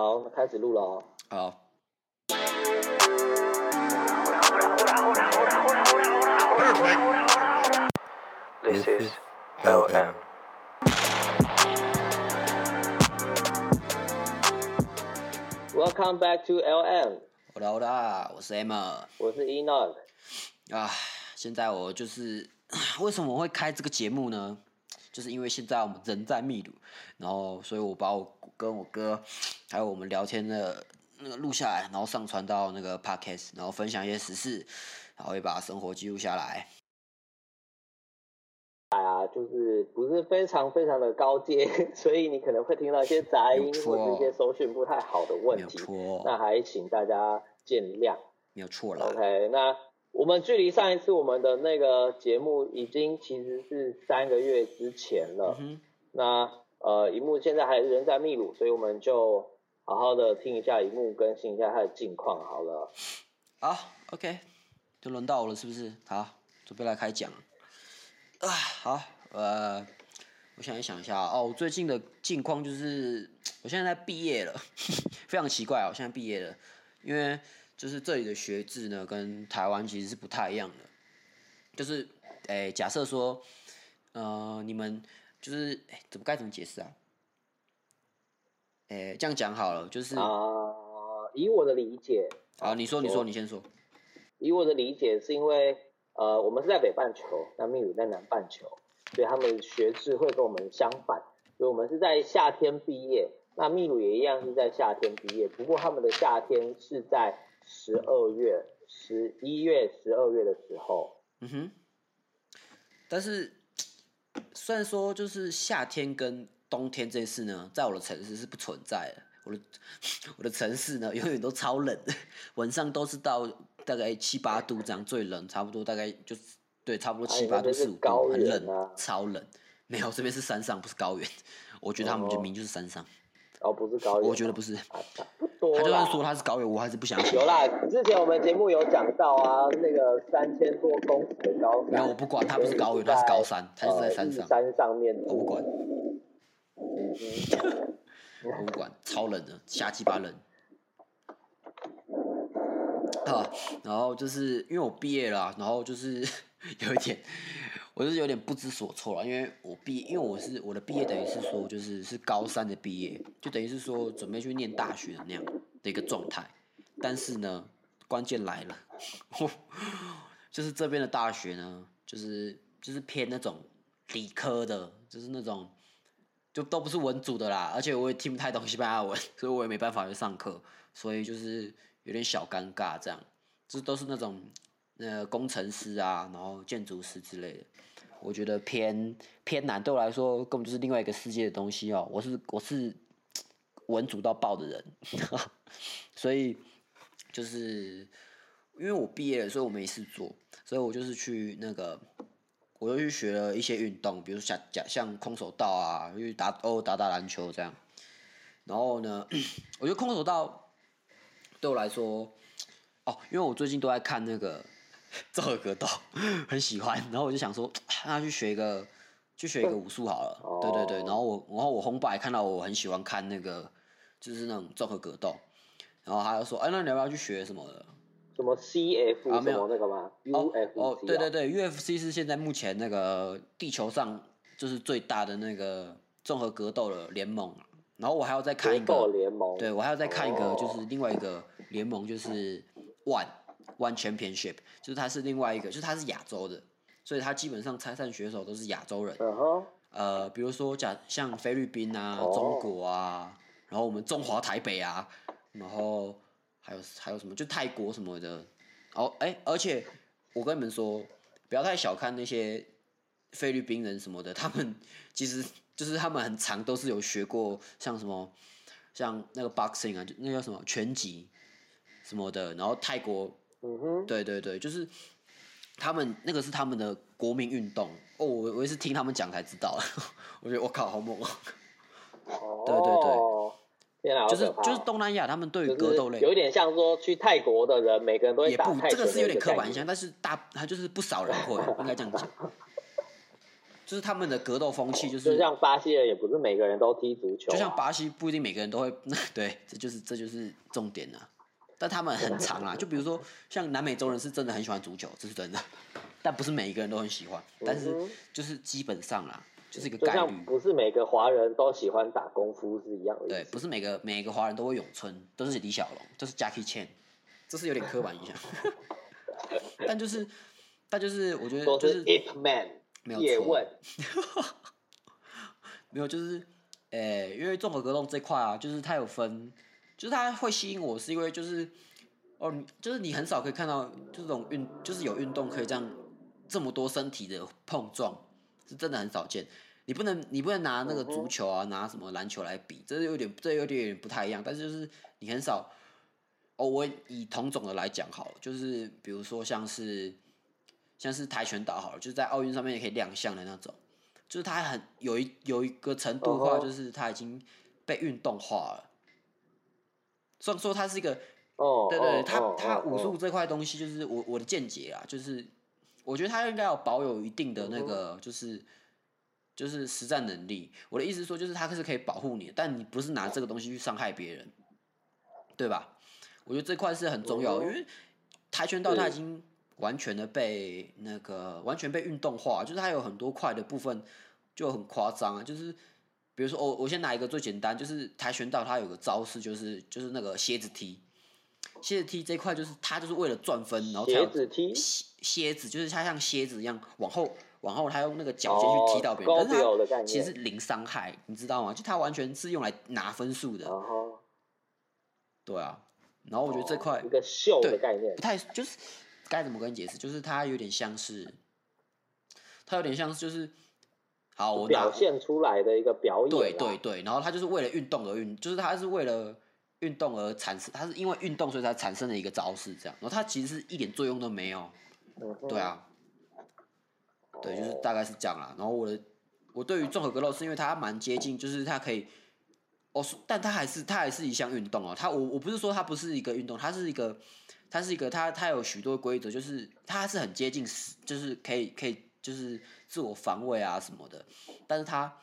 好，開始錄了哦。好。This is LM. Welcome back to LM. 我老大，我是 M。我是 e n o c 啊，現在我就是為什麼會開這個節目呢？就是因為現在我們人在秘度，然後所以我把我，我跟我哥。還有我們聊天的那個錄下來，然後上傳到那個 podcast，然後分享一些時事，然後會把生活記錄下來。哎呀，就是不是非常非常的高階，所以你可能會聽到一些雜音或者一些收訊不太好的問題，沒有錯，沒有錯。那還請大家見諒。沒有錯了。OK，那我們距離上一次我們的那個節目已經其實是三個月之前了。嗯、那呃，熒幕現在還仍在秘魯，所以我們就。好好的聽一下熒幕，更新一下他的近況。好了。好，OK，就輪到我了，是不是？好，準備來開講。啊，好，呃，我想一想一下啊、哦，我最近的近況就是，我現在畢業了呵呵，非常奇怪哦，我現在畢業了，因為就是這裡的學制呢，跟台灣其實是不太一樣的，就是，誒、欸，假設說，呃，你們就是誒，怎麼該怎麼解釋啊？哎，這樣講好了，就是啊、呃，以我的理解啊，你說，你說，你先說。以我的理解，是因為呃，我們是在北半球，那秘魯在南半球，所以他們學制會跟我們相反。所以，我們是在夏天畢業，那秘魯也一樣是在夏天畢業。不過，他們的夏天是在十二月、十一月、十二月的時候。嗯哼。但是，雖然說就是夏天跟。冬天這件事呢，在我的城市是不存在的。我的我的城市呢，永遠都超冷，晚上都是到大概七八度這樣最冷，差不多大概就是對，差不多七八度，啊、四五度是高，啊。很冷，超冷。沒有，這邊是山上，不是高原。我覺得他們就明明就是山上。哦，不是高原。我覺得不是。啊、他就算說他是高原，我還是不想。有啦，之前我們節目有講到啊，那個三千多公尺的高山。沒有，我不管，他不是高原，他是高山，他就是在山上。哦、山上面我不管。博物館超冷的，瞎雞巴冷啊！然後就是因為我畢業了，然後就是有一點，我就是有點不知所措了。因為我畢，因為我是我的畢業，等於是說就是是高三的畢業，就等於是說準備去念大學的那樣的一個狀態。但是呢，關鍵來了，就是這邊的大學呢，就是就是偏那種理科的，就是那種。就都不是文組的啦，而且我也聽不太懂西班牙文，所以我也沒辦法去上課，所以就是有點小尷尬，這樣，就都是那種呃、那個、工程師啊，然後建築師之類的，我覺得偏偏難對我來說，根本就是另外一個世界的東西哦。我是我是文組到爆的人呵呵，所以就是因為我畢業了，所以我沒事做，所以我就是去那個。我又去學了一些運動，比如像像像空手道啊，去打哦打打籃球這樣。然後呢，我覺得空手道對我來說，哦，因為我最近都在看那個綜合格鬥，很喜歡。然後我就想說，那去學一個，去學一個武術好了。對對對。然後我，然後我紅爸也看到我很喜歡看那個，就是那種綜合格鬥。然後他就說，哎、欸，那你要不要去學什麼的？什麼 C F 什、啊、沒有，什麼那個嗎、哦、？U F C、哦、對對對 U F C 是現在目前那個地球上就是最大的那個綜合格鬥的聯盟。然後我還要再看一個聯盟，對，我還要再看一個就是另外一個聯盟就是 One、oh. One Championship，就是他是另外一個，就是他是亞洲的，所以他基本上參賽選手都是亞洲人。Uh -huh. 呃，比如說假像菲律賓啊、oh. 中國啊，然後我們中華台北啊，然後。還有還有什麼？就泰國什麼的，哦，哎、欸，而且我跟你們說，不要太小看那些菲律賓人什麼的，他們其實就是他們很常都是有學過像什麼，像那個 boxing 啊，那叫、個、什麼拳擊，什麼的。然後泰國，嗯哼，對對對，就是他們那個是他們的國民運動。哦，我我也是聽他們講才知道，呵呵我覺得我靠，好猛、喔！對對對。哦就是就是東南亞，他們對於格鬥類、就是、有點像說去泰國的人，每個人都會也不，這個是有點刻板印象，但是大他就是不少人會，應 該這樣講。就是他們的格鬥風氣、就是，就是像巴西人，也不是每個人都踢足球、啊。就像巴西，不一定每個人都會。嗯、對，這就是這就是重點了。但他們很常啊，就比如說像南美洲人是真的很喜歡足球，這、就是真的。但不是每一個人都很喜歡，但是就是基本上啦。嗯就是一個概念，就像不是每個華人都喜歡打功夫是一樣的。對，不是每個每一個華人都會詠春，都是李小龍，就是 Jackie Chan，這是有點刻板印象。 但就是，但就是我覺得就是，是 Ip Man，沒有錯。也問 沒有，就是，哎、欸，因為綜合格鬥這塊啊，就是它有分，就是它會吸引我，是因為就是，哦，就是你很少可以看到，就這種運，就是有運動可以這樣這麼多身體的碰撞。是真的很少見，你不能你不能拿那個足球啊，uh -huh. 拿什麼籃球來比，這是有點這有點,有點不太一樣。但是就是你很少，哦，我以同種的來講好了，就是比如說像是像是跆拳道好了，就是、在奧運上面也可以亮相的那種，就是它很有一有一個程度的話，就是它已經被運動化了。所、uh、以 -huh. 說它是一個，哦、uh -huh.，對,對對，它、uh -huh. 它武術這塊東西就是我我的見解啊，就是。我覺得他應該要保有一定的那個，就是，就是實戰能力。我的意思是說，就是他是可以保護你，但你不是拿這個東西去傷害別人，對吧？我覺得這塊是很重要，因為跆拳道它已經完全的被那個完全被運動化，就是它有很多塊的部分就很誇張啊。就是比如說，我我先拿一個最簡單，就是跆拳道它有個招式，就是就是那個蠍子踢。蠍子踢這塊就是它就是為了賺分，然後蠍子踢蠍子就是他像蠍子一樣往後往後，它用那個腳尖去踢到別人，哦、但是它其實是零傷害，你知道嗎？就它完全是用來拿分數的、哦。對啊，然後我覺得這塊、哦、一個秀的概念不太就是該怎麼跟你解釋？就是它有點像是，它有點像是就是好我表現出來的一個表演，對對對，然後它就是為了運動而運，就是它是為了。運動而產生，它是因為運動所以才產生了一個招式，這樣，然後它其實是一點作用都沒有，對啊，對，就是大概是這樣啦。然後我的，我對於綜合格鬥是因為它蠻接近，就是它可以，哦，但它還是它還是一項運動哦、喔，它我我不是說它不是一個運動，它是一個，它是一個，它它有許多規則，就是它是很接近，就是可以可以就是自我防衛啊什麼的，但是它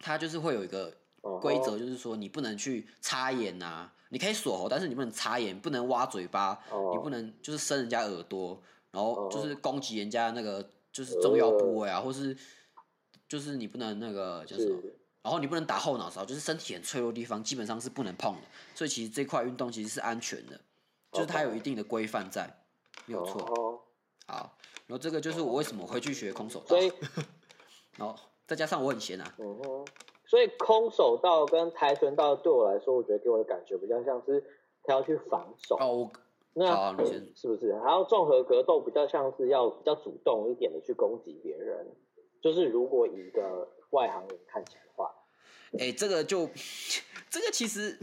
它就是會有一個。規則就是說，你不能去插眼吶、啊，你可以鎖喉，但是你不能插眼，不能挖嘴巴，oh. 你不能就是伸人家耳朵，然後就是攻擊人家那個就是重要部位啊，或是就是你不能那個是叫什麼，然後你不能打後腦勺，就是身體很脆弱的地方基本上是不能碰的。所以其實這塊運動其實是安全的，okay. 就是它有一定的規範在，沒有錯。Oh. 好，然後這個就是我為什麼會去學空手道，然後再加上我很閒啊。Oh. 所以空手道跟跆拳道對我來說，我覺得給我的感覺比較像是，他要去防守。哦、oh, okay，那、oh, okay. 是不是？還有綜合格鬥比較像是要比較主動一點的去攻擊別人，就是如果以一個外行人看起來的話，哎、欸，這個就這個其實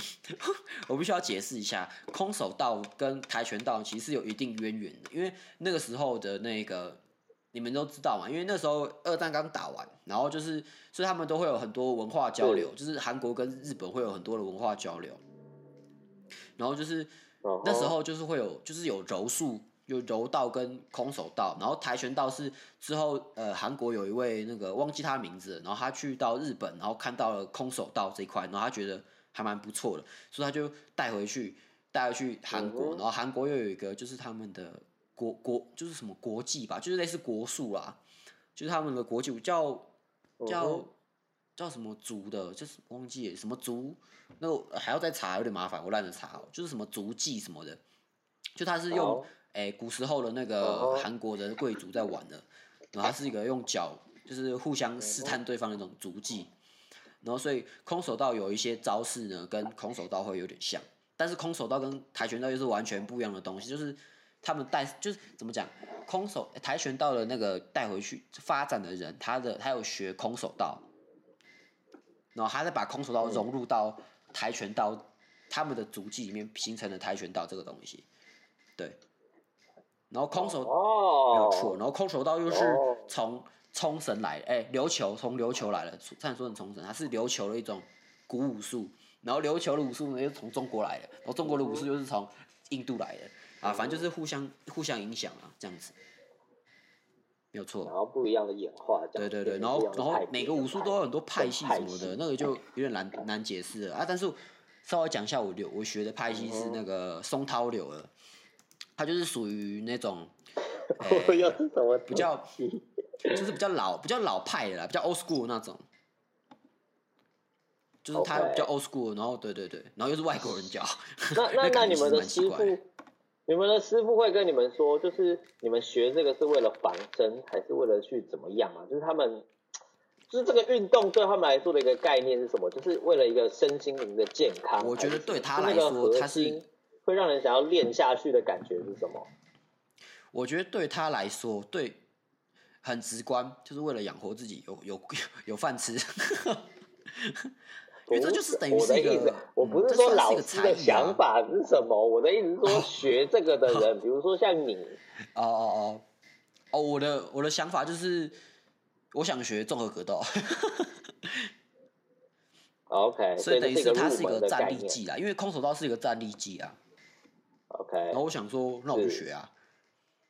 我必須要解釋一下，空手道跟跆拳道其實是有一定淵源的，因為那個時候的那個。你們都知道嘛，因為那時候二戰剛打完，然後就是，所以他們都會有很多文化交流，就是韓國跟日本會有很多的文化交流。然後就是那時候就是會有，就是有柔術、有柔道跟空手道，然後跆拳道是之後呃韓國有一位那個忘記他名字，然後他去到日本，然後看到了空手道這一塊，然後他覺得還蠻不錯的，所以他就帶回去帶回去韓國，然後韓國又有一個就是他們的。國國就是什麼國際吧，就是類似國術啦，就是他們的國際叫叫叫什麼族的，就是忘記什麼族，那還要再查，有點麻煩，我懶得查。好，就是什麼族技什麼的，就他是用誒、oh. 欸、古時候的那個韓國的貴族在玩的，然後他是一個用腳就是互相試探對方的那種足技。然後所以空手道有一些招式呢跟空手道會有點像，但是空手道跟跆拳道又是完全不一樣的東西，就是。他們帶，就是怎麼講，空手、欸、跆拳道的那個帶回去發展的人，他的他有學空手道，然後他在把空手道融入到跆拳道，他們的足跡裡面形成了跆拳道這個東西，對，然後空手哦，沒錯，然後空手道又是從沖繩來，哎、欸、琉球從琉球來的，雖然說很沖繩，它是琉球的一種古武術，然後琉球的武術呢又從中國來的，然後中國的武術又是從印度來的。啊，反正就是互相互相影響啊，這樣子，沒有錯。然後不一樣的演化。對對對，然後然後每個武術都有很多派系什麼的，那個就有點難、嗯、難解釋啊。但是稍微講一下我，我留我學的派系是那個松濤流的，它就是屬於那種、 欸我什麼，比較，就是比較老比較老派的啦，比較 old school 那種，就是它比較 old school，然後對對對，然後又是外國人教， 那那那你們的你們的師傅會跟你們說，就是你們學這個是為了防身，還是為了去怎麼樣啊？就是他們，就是這個運動對他們來說的一個概念是什麼？就是為了一個身心靈的健康。我覺得對他來說，他、就是、核心會讓人想要練下去的感覺是什麼？我覺得對他來說，對，很直觀，就是為了養活自己，有有有飯吃。 嗯、這就是等於是我的意思，我不是說老師的想法是什麼，我的意思是說學這個的人，哦、比如說像你，哦哦哦，哦，我的我的想法就是，我想學綜合格鬥。 OK，所以等於是它是一個站立技啊，因為空手道是一個站立技啊。OK，那我想說，那我就學啊。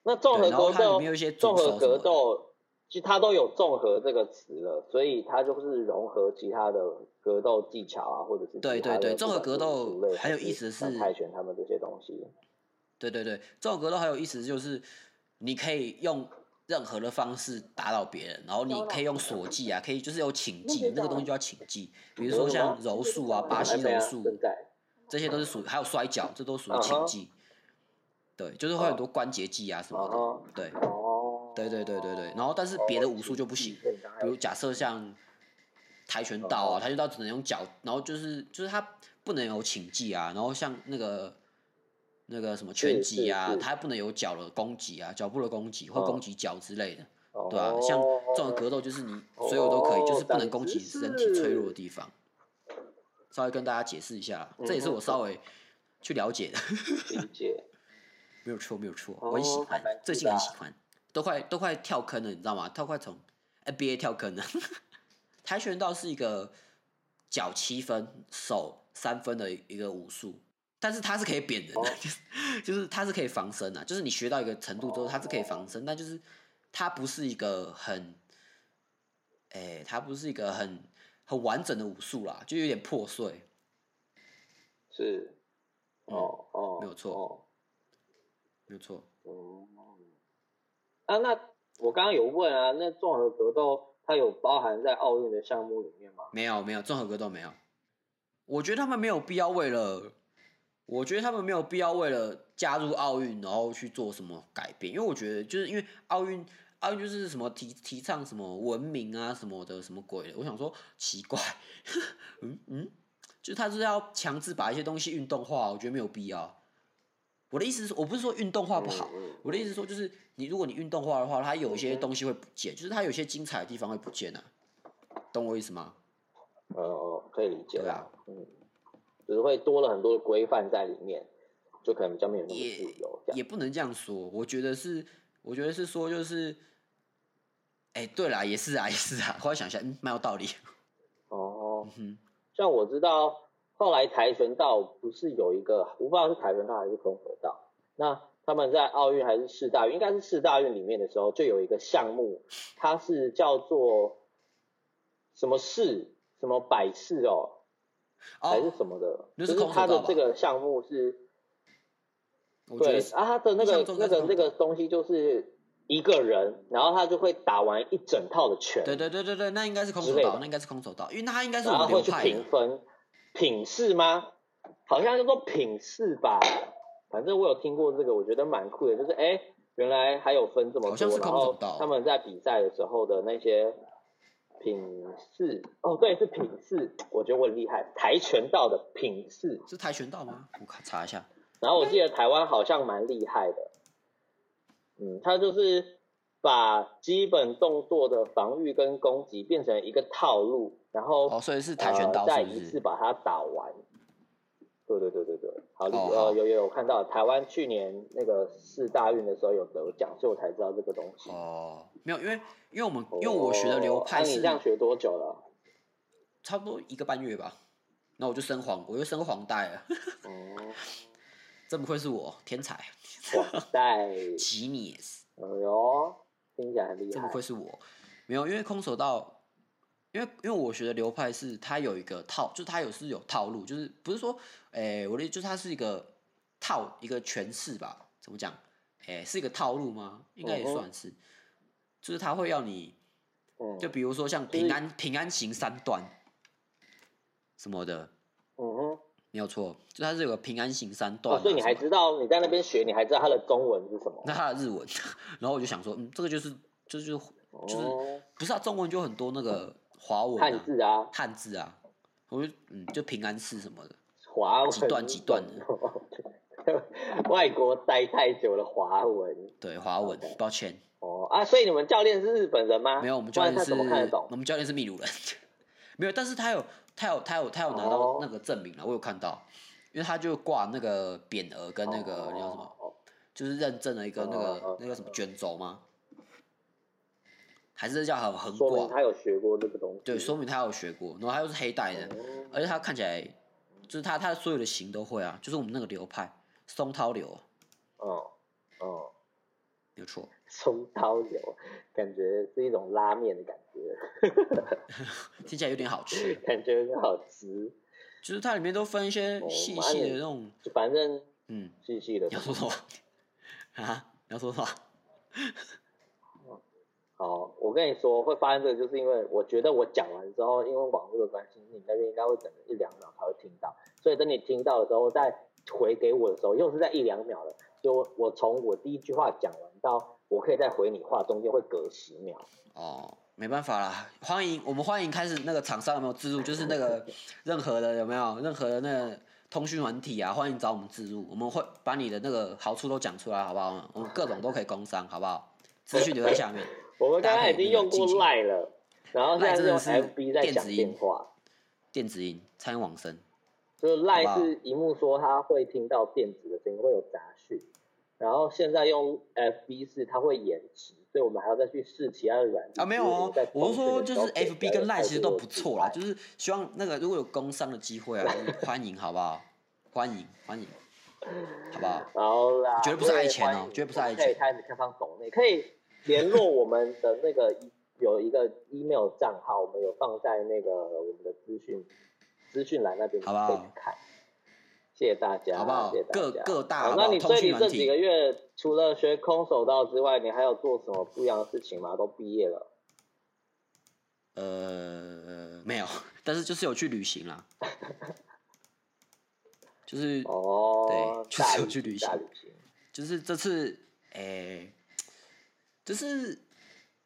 那綜合格鬥，它裡面有一些綜合格鬥。其實它都有“綜合”這個詞了，所以它就是融合其他的格鬥技巧啊，或者是各種各種各種，對對對，綜合格鬥很有意思，是泰拳他們這些東西。對對對，綜合格鬥很有意思，就是你可以用任何的方式打倒別人，然後你可以用鎖技啊，可以就是有擒技，那個東西叫擒技，比如說像柔術啊、巴西柔術，這些都是屬於還有摔跤，這都屬於擒技。Uh -huh. 對，就是會有很多關節技啊什麼的，uh -huh. 對。對對對對對，然後但是別的武術就不行，比如假設像跆拳道啊，跆拳道只能用腳，然後就是就是它不能有寢技啊，然後像那個那個什麼拳擊啊，它還不能有腳的攻擊啊，腳步的攻擊或攻擊腳之類的，對吧、啊？像這種格鬥就是你所有都可以，就是不能攻擊人體脆弱的地方。稍微跟大家解釋一下，這也是我稍微去了解的，了解，沒有錯沒有錯，我很喜歡，最近很喜歡。都快都快跳坑了，你知道嗎？跳快從 NBA 跳坑了。 跆拳道是一個腳七分、手三分的一個武術，但是它是可以扁人的，就是它、就是、是可以防身的、啊，就是你學到一個程度之後，它是可以防身，但就是它不是一個很，哎、欸，它不是一個很很完整的武術啦，就有點破碎。是，哦哦、嗯、哦，沒有錯，沒有錯，哦。啊，那我剛剛有問啊，那綜合格鬥它有包含在奧運的項目裡面嗎？沒有，沒有，綜合格鬥沒有。我覺得他們沒有必要為了，我覺得他們沒有必要為了加入奧運然後去做什麼改變，因為我覺得就是因為奧運，奧運就是什麼提提倡什麼文明啊什麼的什麼鬼的，我想說奇怪， 嗯嗯，就他就是要強制把一些東西運動化，我覺得沒有必要。我的意思是，我不是說運動化不好。嗯嗯、我的意思是說，就是你如果你運動化的話，它有一些東西會不見，嗯、就是它有些精彩的地方會不見啊，懂我意思嗎？哦，可以理解，對啊，嗯，只、就是會多了很多的規範在裡面，就可能比較沒有那麼自由，也、這樣子也不能這樣說，我覺得是，我覺得是說就是，哎、欸，對啦，也是啊，也是啊，後來想一下，嗯，蠻有道理。哦、嗯嗯，像我知道。後來跆拳道不是有一個，我不知道是跆拳道還是空手道。那他們在奧運還是世大運，應該是世大運裡面的時候，就有一個項目，它是叫做什麼式，什麼百式，喔、哦，還是什麼的，就是他的這個項目是。哦就是、對是啊，他的那個那個那個東西就是一個人，然後他就會打完一整套的拳。對對對對對，那應該是空手道，那應該是空手道，因為他應該是可能會去評分。欸品勢嗎？好像叫做品勢吧，反正我有聽過這個，我覺得蠻酷的。就是哎、欸，原來還有分這麼多。好像是空手道。然後他們在比賽的時候的那些品勢，哦，對，是品勢。我覺得我很厲害，跆拳道的品勢。是跆拳道嗎？我查一下。然後我記得台灣好像蠻厲害的，嗯，他就是把基本動作的防御跟攻擊變成一個套路。然後、哦，所以是跆拳道、呃，再一次把它打完。對對對對對，好，哦、呃，有有有看到台灣去年那個世大運的時候有得獎，所以我才知道這個東西。哦，沒有，因為因為我們、哦、因為我學的流派是、哎、你這樣，學多久了？差不多一個半月吧。那我就升黃，我就升黃帶了。哦、 嗯，真不愧是我天才 黃帶 Genius。哎呦，聽起來很厲害。真不愧是我，沒有，因為空手道。因為，因為我學的流派是它有一個套，就是它有是有套路，就是不是說，哎、欸，我的就是它是一個套一個詮釋吧，怎麼講？哎、欸，是一個套路嗎？應該也算是、嗯，就是他會要你，就比如說像平安、嗯、平安行三段什麼的，嗯哼，沒有錯，就它是有個平安行三段、哦，所以你還知道你在那邊學，你還知道它的中文是什麼？那它的日文，然後我就想說，嗯，這個就是就是就是、就是、不是啊？中文就很多那個。嗯華文漢、啊、字啊，漢字啊，我就嗯，就平安寺什麼的，華文幾段幾段的， 外國待太久了，華文對華文，okay. 抱歉哦、oh, 啊，所以你們教練是日本人嗎？沒有，我們教練是，我們教練是秘魯人， 沒有，但是他有，他有，他有，他有拿到那個證明了，oh. 我有看到，因為他就掛那個匾額跟那個叫、oh. 什麼，oh. 就是認證了一個那個、oh. 那個什麼、okay. 卷軸嗎？還是叫很橫掛？說明他有學過那個東西。對，說明他有學過，然後他又是黑帶的、嗯，而且他看起來，就是他他所有的型都會啊，就是我們那個流派松濤流。哦哦，有錯。松濤流，感覺是一種拉面的感覺， 聽起來有點好吃。感覺有點好吃。就是它裡面都分一些細細的那種，哦、反正細細嗯細細的。要說說什麼 啊，要說說什麼。 好、哦，我跟你說會發生這個，就是因為我覺得我講完之後，因為網絡的關係，你那邊應該會等一兩秒才會聽到。所以等你聽到的時候再回給我的時候，又是在一兩秒了。就我從我,我第一句話講完到我可以再回你話，中間會隔十秒。哦，沒辦法啦。歡迎，我們歡迎開始那個廠商有沒有資助？就是那個任何的有沒有任何的那個通訊軟體啊？歡迎找我們資助，我們會把你的那個好處都講出來，好不好？我們各種都可以工商，好不好？資訊留在下面。欸欸我們剛剛已經用過賴了，然後現在用 FB 在講電話，電子音參網聲，就是賴是螢幕說他會聽到電子的聲音會有雜訊，然後現在用 FB 是他會延遲，所以我們還要再去試其他的軟件啊。沒有哦，我是說就是 FB 跟賴其實都不錯啦，就是希望那個如果有工商的機會啊， 歡迎好不好？歡迎歡迎，好不好？好啦，絕對不是愛錢哦、喔，絕對不是愛錢，可以開始開放總類，可以。聯 絡我們的那個有一個 email 賬號，我們有放在那個我們的資訊資訊欄那邊，你可以看，好不好？謝謝大家，好不好？謝謝大家。各，各大好不好？好，那你最近這幾個月除了學空手道之外，你還有做什麼不一樣的事情嗎？都畢業了。呃，沒有，但是就是有去旅行啦， 就是哦，對，確實有去旅行，就是這次誒。欸就是，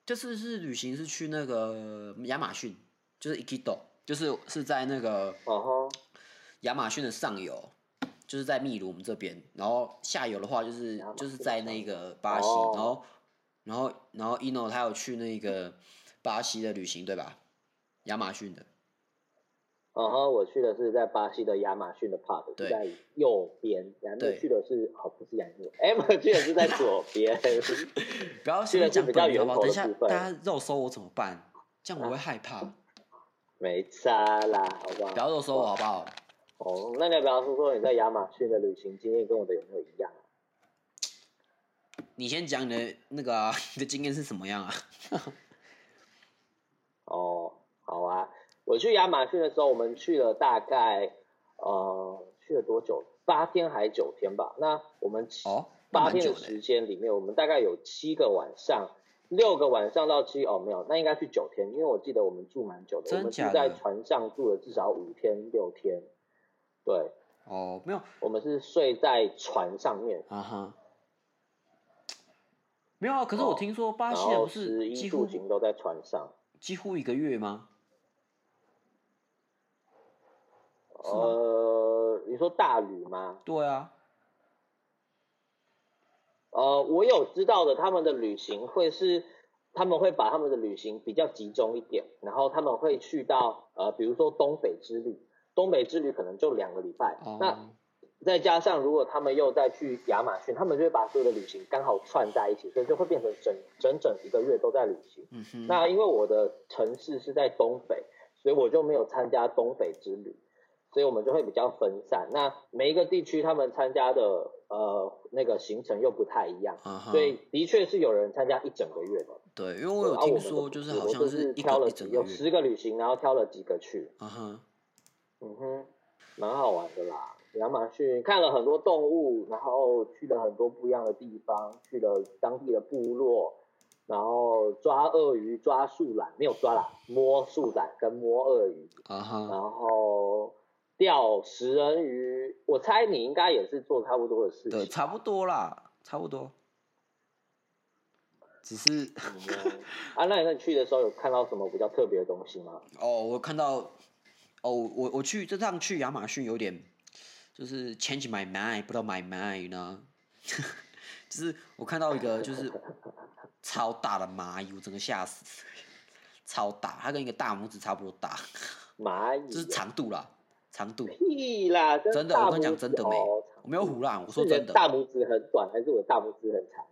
就是是旅行是去那個亞馬遜，就是 Ikido 就是是在那個，哦亞馬遜的上游，就是在秘魯我們這邊，然後下游的話就是就是在那個巴西，然後，然後然後 Ino 他有去那個巴西的旅行，對吧？亞馬遜的。然、uh、後 -huh, 我去的是在巴西的亞馬遜的 park，在右邊。然後去的是，哦，不是亞馬遜，哎，居、欸、是在左邊。不要現在講別的嗎？ 等一下 大家肉搜我怎麼辦？這樣我會害怕。啊、沒差啦，好不好？ 不要肉搜我，好不好？哦、oh，那你要不要說說你在亞馬遜的旅行經驗跟我的有沒有一樣？你先講你的那個、啊、你的經驗是什麼樣啊？哦、 oh，好啊。我去亞馬遜的時候，我們去了大概，呃，去了多久？八天還九天吧？那我們七、哦、八天的時間裡面，我們大概有七個晚上，六個晚上到七，哦，沒有，那應該去九天，因為我記得我們住蠻久的，真的，我們是在船上住了至少五天六天。對哦，沒有，我們是睡在船上面。啊哈，沒有啊，可是我聽說巴西人是幾乎都在船上，幾乎一個月嗎？呃，你說大旅嗎？對啊。呃，我有知道的，他們的旅行會是，他們會把他們的旅行比較集中一點，然後他們會去到呃，比如說東北之旅，東北之旅可能就兩個禮拜，嗯。那再加上如果他們又再去亞馬遜，他們就會把所有的旅行剛好串在一起，所以就會變成整整整一個月都在旅行。嗯哼。那因為我的城市是在東北，所以我就沒有參加東北之旅。所以，我們就會比較分散。那每一個地區，他們參加的呃那個行程又不太一樣，Uh-huh. 所以的確是有人參加一整個月的。對，因為我有聽說，就是好像是挑了幾一個一整個有十個旅行，然後挑了幾個去。嗯哼，嗯哼，蠻好玩的啦。亞馬遜看了很多動物，然後去了很多不一樣的地方，去了當地的部落，然後抓鱷魚、抓樹懶，沒有抓啦，摸樹懶跟摸鱷魚。啊哈，然後。釣食人魚，我猜你應該也是做差不多的事情。對，差不多啦，差不多。只是，嗯、 啊，那你那你去的時候有看到什麼比較特別的東西嗎？哦，我看到，哦，我我去這趟去亞馬遜有點，就是 change my mind，不知道 my mind 呢， 就是我看到一個就是 超大的螞蟻，我整個嚇死，超大，它跟一個大拇指差不多大，螞蟻、啊，就是長度啦。長度？屁啦！真的，我跟你講，真的沒，哦、我沒有唬爛，我說真的。你的大拇指很短，還是我的大拇指很長？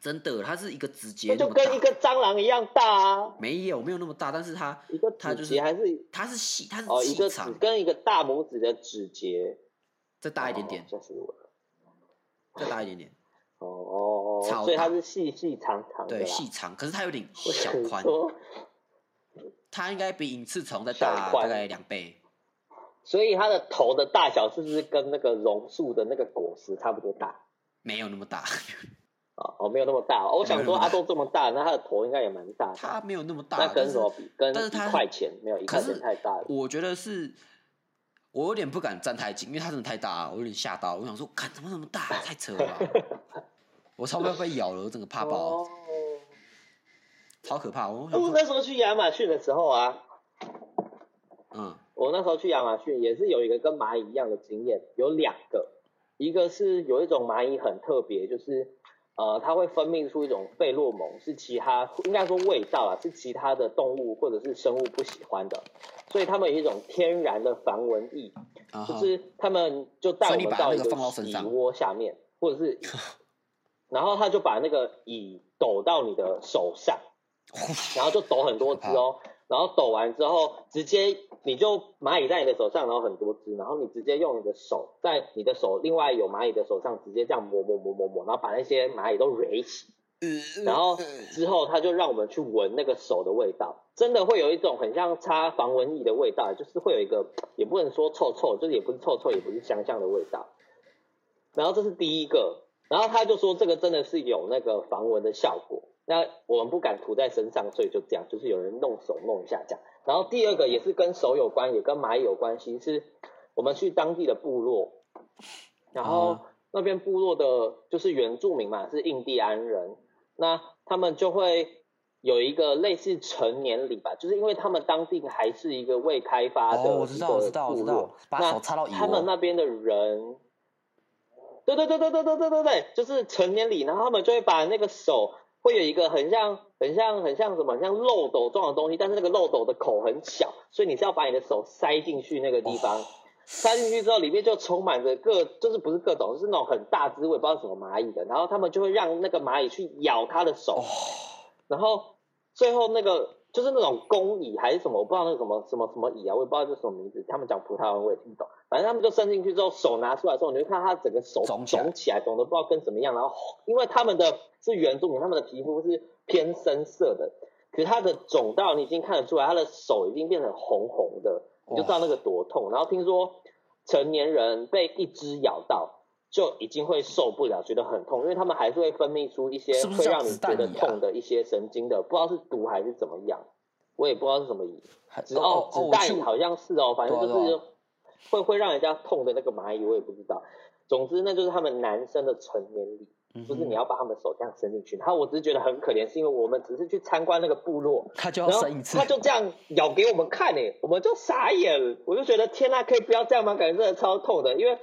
真的，它是一個指節，就跟一個蟑螂一樣大啊！沒有，沒有那麼大，但是它它，是它是細，它是細一長，哦、一個跟一個大拇指的指節再大一點點，再大一點點，哦、就是、點點哦哦，所以它是細細長長，對，細長，可是它有點小寬，它應該比隱翅蟲再大大概兩倍。所以它的頭的大小是不是跟那個榕樹的那個果實差不多大？沒有那麼大， 哦，哦，沒有那麼大。哦、我想說，它都這麼大，那大它的頭應該也蠻大的。它沒有那麼大，那跟什麼比但是？跟一塊錢沒有一塊錢太大了。我覺得是，我有點不敢站太近，因為它真的太大，我有點嚇到。我想說，看怎麼那麼大，太扯了、啊。 我差不多被咬了，我真的怕爆哦，好可怕。我那時候去亞馬遜的時候啊。嗯，我那時候去亞馬遜也是有一個跟螞蟻一樣的經驗，有兩個，一個是有一種螞蟻很特別，就是呃，它會分泌出一種費洛蒙，是其他應該說味道啊，是其他的動物或者是生物不喜歡的，所以他們有一種天然的防蚊液、嗯啊，就是他們就帶我們到一個蟻窩下面，或者是、啊，然後他就把那個蟻抖到你的手上，然後就抖很多隻哦。嗯喔然後抖完之後，直接你就螞蟻在你的手上，然後很多只，然後你直接用你的手在你的手另外有螞蟻的手上，直接這樣抹抹抹抹抹，然後把那些螞蟻都揉起。然後之後他就讓我們去聞那個手的味道，真的會有一種很像擦防蚊液的味道，就是會有一個也不能說臭臭，就是也不是臭臭，也不是香香的味道。然後這是第一個，然後他就說這個真的是有那個防蚊的效果。那我們不敢塗在身上，所以就這樣，就是有人弄手弄一下這樣。然後第二個也是跟手有關，也跟螞蟻有關係，是我們去當地的部落，然後那邊部落的就是原住民嘛，是印第安人，那他們就會有一個類似成年禮吧，就是因為他們當地還是一個未開發的部落、哦、我知道，我知道，我知道，我知道把手插到一、哦、那他們那邊的人，對，對對對對對對對對，就是成年禮，然後他們就會把那個手。會有一個很像、很像、很像什麼，很像漏斗狀的東西，但是那個漏斗的口很小，所以你是要把你的手塞進去那個地方，Oh. 塞進去之後裡面就充滿着各，就是不是各種，就是那種很大隻、我也不知道什麼螞蟻的，然後他們就會讓那個螞蟻去咬他的手，Oh. 然後最後那個。就是那種工蟻還是什麼，我不知道那個什麼什麼什麼蟻啊，我也不知道叫什麼名字。他們講葡萄牙我也聽不懂。反正他們就伸進去之後，手拿出來之後，你就看它整個手腫起來，腫得不知道跟什麼樣。然後，因為他們的，是原住民，他們的皮膚是偏深色的，可是他的腫到你已經看得出來，他的手已經變成紅紅的，你就知道那個多痛。然後聽說成年人被一隻咬到就已經會受不了，覺得很痛，因為他們還是會分泌出一些會讓你覺得痛的一些神經的，是不，是啊、不知道是毒還是怎麼樣，我也不知道是什麼蟻，子彈蟻好像是哦，哦，反正就是會、哦哦、會，會讓人家痛的那個螞蟻，我也不知道。總之，那就是他們男生的成年禮、嗯，就是你要把他們手這樣伸進去。然後我只是覺得很可憐，是因為我們只是去參觀那個部落，他就要生一次，他就這樣咬給我們看、欸，哎，我們就傻眼，我就覺得天吶、啊，可以不要這樣嗎？感覺真的超痛的，因為。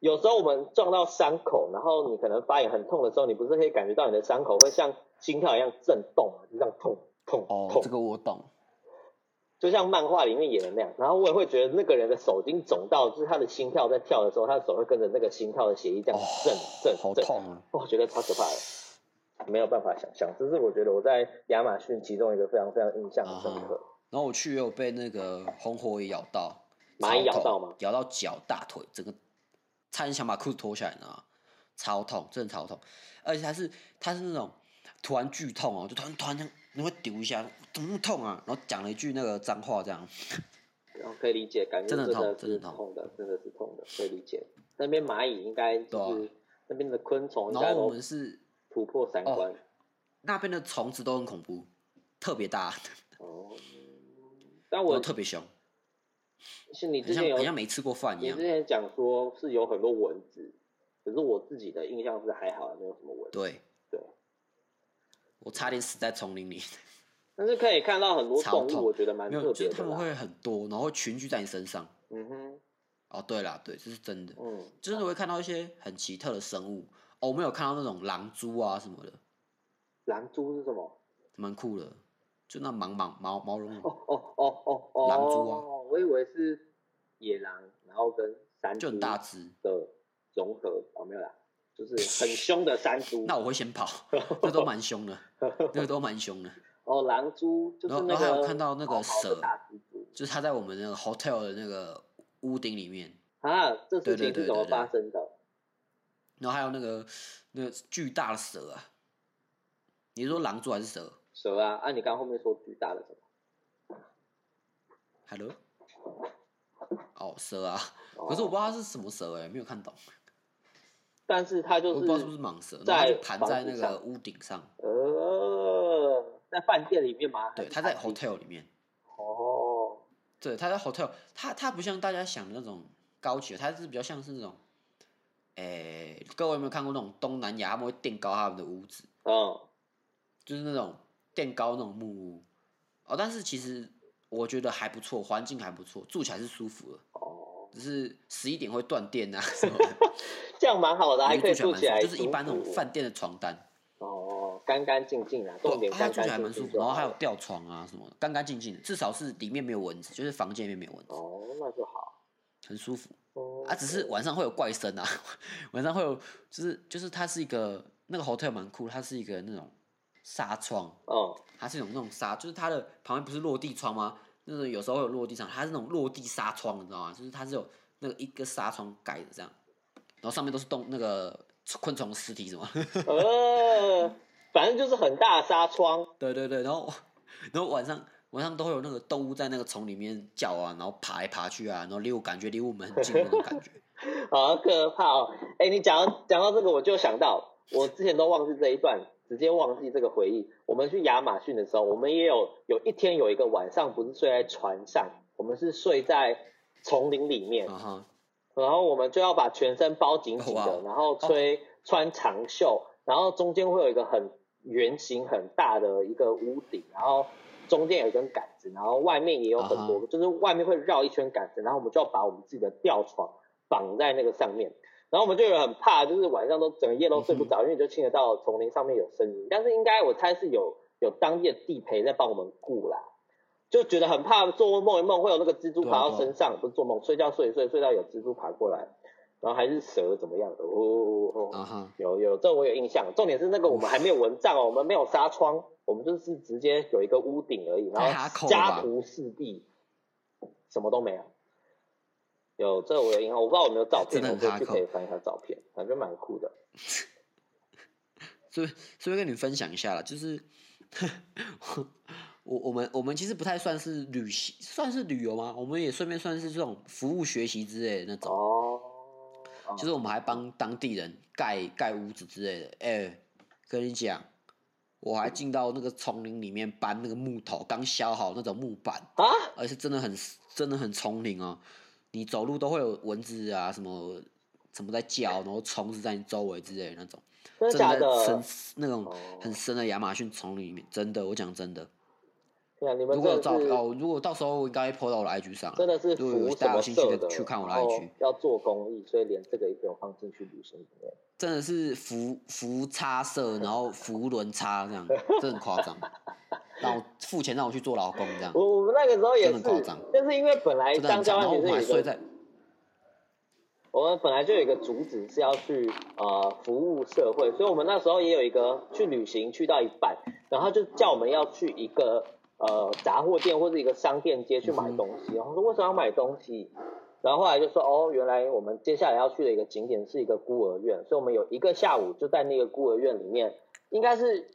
有時候我們撞到傷口，然後你可能發炎很痛的時候，你不是可以感覺到你的傷口會像心跳一樣震動，就這樣痛痛痛。哦，這個我懂。就像漫畫裡面演的那樣，然後我也會覺得那個人的手已經腫到，就是他的心跳在跳的時候，他的手會跟着那個心跳的協議這樣子震、哦、震震，震。好痛啊！我覺得超可怕的，沒有辦法想象。這是我覺得我在亞馬遜其中一個非常非常印象深刻、啊、然後我去也有被那個紅火蟻咬到，螞蟻咬到嗎？咬到腳、大腿，這個。差點想把褲子脫下來呢，超痛，真的超痛，而且它是它是那種突然劇痛哦、喔，就突然突然像你會丟一下，怎麼那麼痛啊？然後講了一句那個髒話這樣，然後可以理解，感覺真的痛的，真的痛，真的痛的，真的是痛的，可以理解。那邊螞蟻應該、就是、對、啊，那邊的昆蟲，然後我們是突破三關，哦、那邊的蟲子都很恐怖，特別大哦、啊， 但我，我特別兇。是你之很像好像沒吃過飯一樣。之前講說是有很多蚊子，可是我自己的印象是還好，還沒有什麼蚊子。對對，我差點死在叢林裡。但是可以看到很多動物，我覺得蠻特別的。他們會很多，然後群聚在你身上。嗯哼。哦，對啦，對，這是真的。嗯。真的就是會看到一些很奇特的生物。哦，我們有看到那種狼蛛啊什麼的。狼蛛是什麼？蠻酷的，就那毛毛毛毛茸茸。哦哦哦哦哦！茫茫狼蛛啊。Oh, oh, oh, oh, oh. 我以為是野狼，然後跟山豬的融合，我、哦、沒有啦，就是很凶的山豬。 那我會先跑，這都蠻凶的，那個 都蠻凶的。哦，狼豬、就是那個然，然後還有看到那個蛇，桃桃就是它在我們的 hotel 的那個屋頂裡面啊，這事情是怎麼發生的？對對對對對，然後還有那個那個巨大的蛇啊，你說狼豬還是蛇？蛇啊，啊，你剛後面說巨大的什麼，Hello。哦，蛇啊、哦！可是我不知道它是什麼蛇、欸，哎，沒有看懂。但是它就是我不知道是不是蟒蛇，然後他就盤在那個屋頂上。哦、呃，在飯店裡面嗎？對，它在 hotel 裡面。哦，對，它在 hotel，它它不像大家想的那種高級，它是比較像是那種，哎、欸，各位有沒有看過那種東南亞他們會墊高他們的屋子？嗯、哦，就是那種墊高那種木屋。哦，但是其實。我覺得還不錯，環境還不錯，住起來是舒服的。Oh. 只是十一點會斷電、啊、什麼的。 這樣蠻好的，還可以住起來，就是一般那種飯店的床單。哦乾乾淨淨啊點乾乾淨淨淨，對，它住起來蠻舒服。然後還有吊床啊什麼的，乾乾淨淨的，至少是裡面沒有蚊子，就是房間裡面沒有蚊子。哦、oh.，那就好，很舒服。Okay. 啊，只是晚上會有怪聲啊，晚上會有，就是就是它是一個那個 hotel 蠻酷，它是一個那種。紗窗，哦，它是種那種紗，就是它的旁邊不是落地窗嗎？就、那、是、個，有時候有落地窗，它是那種落地紗窗，你知道嗎？就是它是有那個一個紗窗蓋的這樣，然後上面都是洞，那個昆蟲屍體什麼。 呃，反正就是很大的紗窗。對對對，然後然後晚上晚上都會有那個動物在那個蟲裡面叫啊，然後爬來爬去啊，然後離我感覺離我們很近 那種感覺。好可怕哦！哎、欸，你講到講到這個我就想到，我之前都忘記這一段。 直接忘記這個回憶。我們去亞馬遜的時候，我們也有有一天有一個晚上，不是睡在船上，我們是睡在叢林裡面。Uh-huh. 然後我們就要把全身包緊緊的，uh-huh. 然後吹，穿長袖，uh-huh. 然後中間會有一個很圓形很大的一個屋頂，然後中間有一根杆子，然後外面也有很多，uh-huh. 就是外面會繞一圈杆子，然後我們就要把我們自己的吊床綁在那個上面。然後我們就很怕，就是晚上都整個夜都睡不着，嗯、因為就聽得到叢林上面有聲音。但是應該我猜是有有當地的地陪在幫我們顧啦，就覺得很怕做夢一夢會有那個蜘蛛爬到身上，嗯、不是做夢睡覺睡一睡睡到有蜘蛛爬過來，然後還是蛇怎麼樣的？嗚嗚嗚！啊、嗯、有有，這我有印象。重點是那個我們還沒有蚊帳哦，哦我們沒有紗窗、嗯，我們就是直接有一個屋頂而已，然後家徒四壁，什麼都沒有。有這我有銀行，我不知道有沒有照片，就可以翻一下照片，反正蠻酷的。所以，所以跟你分享一下啦，就是 我我們我們其實不太算是旅行，算是旅遊嗎？我們也順便算是這種服務學習之類的那種。哦、啊。就是我們還幫當地人蓋蓋屋子之類的。哎、欸，跟你講，我還進到那個叢林裡面搬那個木頭，剛削好那種木板啊，而且真的很真的很叢林哦、啊。你走路都會有蚊子啊，什麼，什麼在叫，然後蟲子在你周圍之類的那種，真的，的，真的在、哦、那種很深的亞馬遜叢裡面，真的，我講真的，真的。如果有、哦、如果到時候我應該 po 到我的 IG 上真的是的，如果有大家有興趣去看我的 IG。要做公益，所以連這個也不要放進去旅行，真的是浮輻叉色，然後輻輪叉這樣，這很誇張。 然後付錢，讓我去做勞工這樣我。我們那個時候也是，真的誇張。就是因為本來當交換學生，我，我們本來就有一個主旨是要去呃服務社會，所以我們那時候也有一個去旅行，去到一半，然後就叫我們要去一個呃雜貨店或者一個商店街去買東西、嗯。然後說為什麼要買東西？然後後來就說哦，原來我們接下來要去的一個景點是一個孤兒院，所以我們有一個下午就在那個孤兒院裡面，應該是。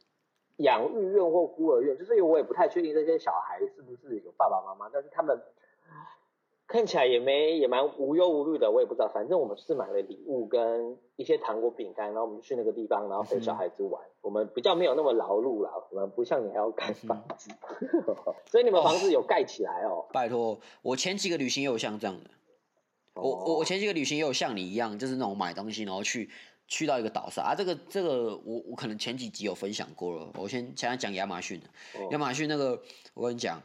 養育院或孤兒院，就是因為我也不太確定這些小孩是不是有爸爸媽媽，但是他們看起來也沒也蠻無憂無慮的。我也不知道，反正我們是買了禮物跟一些糖果餅乾，然後我們就去那個地方，然後陪小孩子玩、嗯。我們比較沒有那麼勞碌啦，我們不像你還要蓋房子，嗯、 所以你們房子有蓋起來哦。哦拜託，我前幾個旅行也有像這樣的，我我我前幾個旅行也有像你一樣，就是那種買東西，然後去。去到一個島上啊、這個，這個這個我我可能前幾集有分享過了。我先前來講亞馬遜，亞、oh. 馬遜那個我跟你講，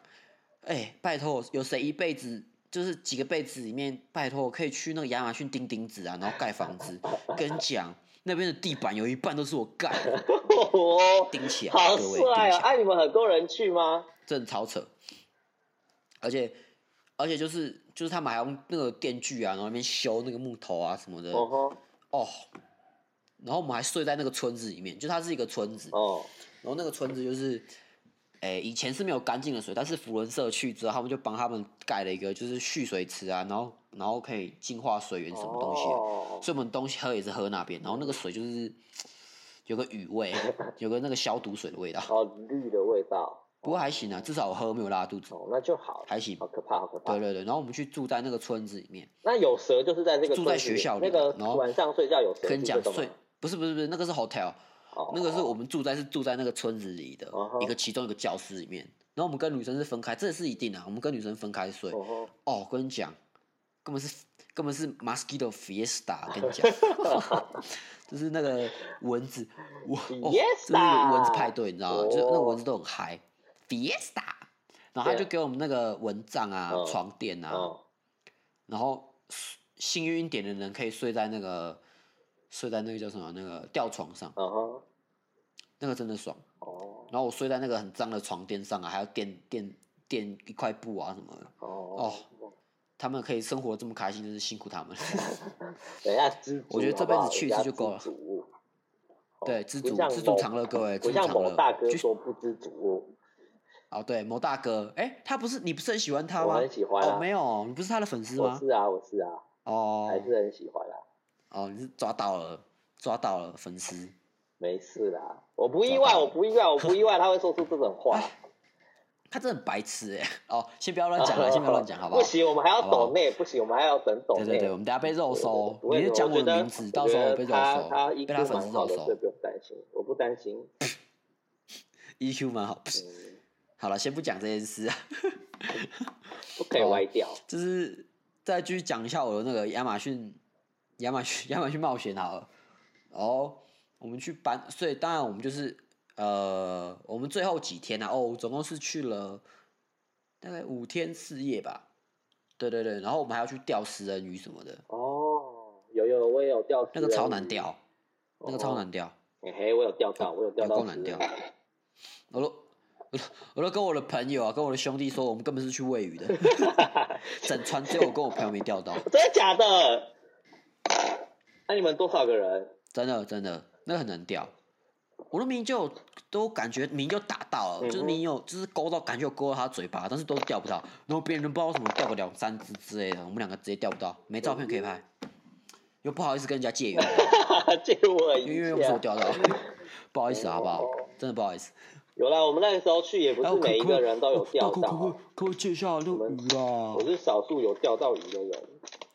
哎、欸，拜託，有誰一輩子就是幾個輩子裡面拜託可以去那個亞馬遜釘釘子啊，然後蓋房子，跟你講 那邊的地板有一半都是我蓋的，釘、oh. 起，起來，好、oh. 愛啊！愛你們很多人去嗎？真的超扯，而且而且就是就是他們還用那個電鋸啊，然後那邊修那個木頭啊什麼的，哦、oh. oh.。然後我們還睡在那個村子裡面，就它是一個村子。哦。然後那個村子就是，哎、欸，以前是沒有乾淨的水，但是扶輪社去之後，他們就幫他們蓋了一個，就是蓄水池啊，然後然後可以淨化水源什麼東西。哦。所以我們東西喝也是喝那邊，然後那個水就是有個雨味，有個那個消毒水的味道。哦，氯的味道。哦、不過還行啊，至少我喝沒有拉肚子。哦，那就好了。還行。好可怕，好可怕。對對對。然後我們去住在那個村子裡面。那有蛇，就是在這個住在學校裡那個晚上睡覺有蛇跟你講睡。不是不是不是，那個是 hotel，、oh. 那個是我們住在是住在那個村子裡的、oh. 一個其中一個教室裡面，然後我們跟女生是分開，這是一定的、啊，我們跟女生分開睡。Oh. 哦，我跟你講，根本是根本是 mosquito fiesta，跟你講， 就是那個蚊子，哇、哦，就是那個蚊子派對，你知道嗎？Oh. 就那個蚊子都很嗨，fiesta。然後他就給我們那個蚊帳啊、oh. 床墊啊，oh. 然後幸運一點的人可以睡在那個。睡在那個叫什麼？那個吊床上，uh -huh. 那個真的爽。Oh. 然後我睡在那個很髒的床墊上啊，還要墊墊墊一塊布啊什麼的。哦、oh. oh. 他們可以生活這麼開心，就是辛苦他們了。 等一下好好，我覺得這輩子去一次就夠了。主 oh. 對，知足，知足常樂哥，各位。知足常樂。某大哥說不知足。哦、oh，對，某大哥，哎、欸，他不是，你不是很喜歡他嗎？我很喜歡啊。Oh, 沒有，你不是他的粉絲嗎？是啊，我是啊。哦、oh. 還是很喜歡啊。哦，你是抓到了，抓到了粉絲，沒事啦我，我不意外，我不意外，我不意外，他會說出這種話，啊、他真的白痴！哎、欸！哦，先不要亂講了，先不要亂講，啊哦，好不好？不行，我們還要抖內，不行，我們還要等抖內。對對對，我們等下被肉搜。對對對對對對，你就講我的名字，對對對的名字，到時候我被肉搜。他他 EQ 被他粉絲肉搜好的，不用擔心，我不擔心。 EQ 蠻好，嗯、好了，先不講這件事啊， 不可以歪掉，就是再繼續講一下我的那個亞馬遜。亞馬遜，亞馬遜冒險好了。哦、oh,，我們去搬，所以當然我們就是，呃，我們最後幾天啊，哦、oh,，總共是去了大概五天四夜吧。對對對，然後我們還要去釣食人魚什麼的。哦、oh,，有有，我也有釣。那個超難釣，oh. 那個超難釣。哎嘿，我有釣到，oh, 我有釣到。有夠難釣。 我都，我都跟我的朋友啊，跟我的兄弟說，我們根本是去餵魚的。 整船只有我跟我朋友沒釣到。真 的假的？那你們多少個人？真的真的，那很難釣。我的明明就都感覺明明就打到了，就是明明有，就是勾到，感覺有勾到他嘴巴，但是都釣不到。然後別人都不知道為什麼釣個兩三隻之類的，我們兩個直接釣不到，沒照片可以拍，又不好意思跟人家借魚，借我魚，因為我們我釣的，不好意思好不好？真的不好意思。有啦，我們那個時候去也不是每一個人都有釣到，給我借一下魚。我是少數有釣到魚的人。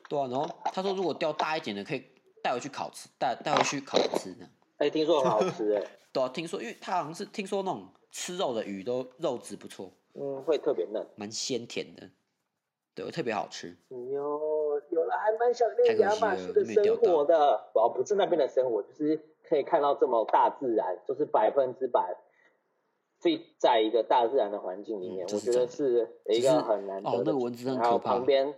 對啊，然後他說如果釣大一點的可以。帶回去烤吃，帶帶回去烤吃的。哎、欸，聽說很好吃哎、欸， 對、啊，聽說因為他好像是聽說那種吃肉的魚都肉質不錯，嗯，會特別嫩，蠻鮮甜的，對，特別好吃。哎呦，有了還、啊，還蠻想念亞馬遜的生活的有有。哦，不是那邊的生活，就是可以看到這麼大自然，就是百分之百，最在一個大自然的環境裡面、嗯，我覺得是一個很難得。哦，那個蚊子很可怕。旁邊。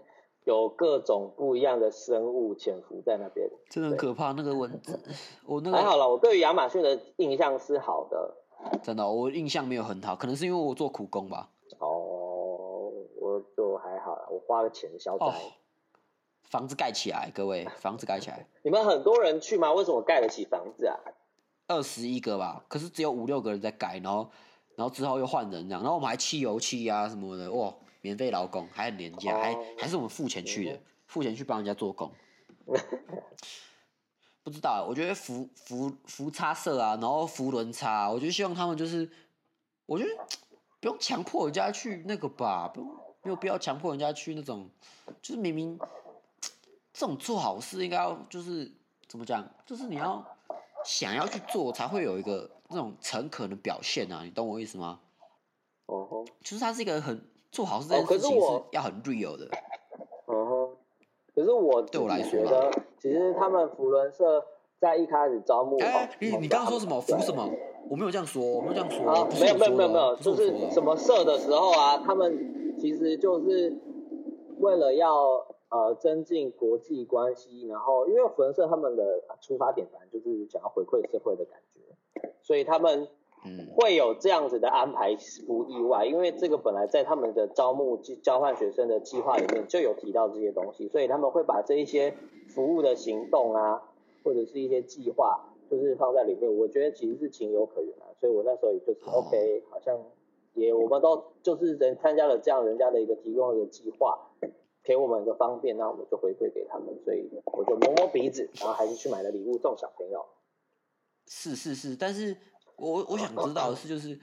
有各種不一樣的生物潛伏在那邊，真的很可怕。那個蚊子， 我那個還好了。我對於亞馬遜的印象是好的，真的、哦，我印象沒有很好，可能是因為我做苦工吧。哦，我就還好，我花了錢消災、哦，房子蓋起來，各位，房子蓋起來。 你們很多人去嗎？為什麼蓋得起房子啊？二十一個吧，可是只有五六個人在蓋，然後，然後之後又換人這樣，然後我們還汽油漆啊什麼的，哇。免費勞工還很廉價，還還是我們付錢去的，付錢去幫人家做工。 不知道，我覺得扶扶扶差社啊，然後扶輪差，我就希望他們就是，我覺得不用強迫人家去那個吧，不用沒有必要強迫人家去那種，就是明明這種做好事應該要就是怎麼講，就是你要想要去做才會有一個那種誠懇的表現啊，你懂我意思嗎？哦， 就是他是一個很。做好事這件事情是要很 real 的。哦可嗯，可是我對我來說，其實他們扶輪社在一開始招募，欸、你剛剛說什麼扶什麼？我沒有這樣說，我沒有這樣說，嗯說啊、沒有沒有沒有沒有，就是什麼社的時候啊，他們其實就是為了要呃增進國際關係，然後因為扶輪社他們的出發點反正就是想要回饋社會的感覺，所以他們。嗯、會有這樣子的安排不意外，因為這個本來在他們的招募，交換學生的計劃裡面就有提到這些東西，所以他們會把這一些服務的行動啊，或者是一些計劃，就是放在裡面。我覺得其實是情有可原的，啊，所以我那時候也就是，哦，OK，好像也我們都就是人參加了這樣人家的一個提供的計劃，給我們一個方便，那我們就回饋給他們，所以我就摸摸鼻子，然後還是去買了禮物送小朋友。是是是，但是。我我想知道的是，就是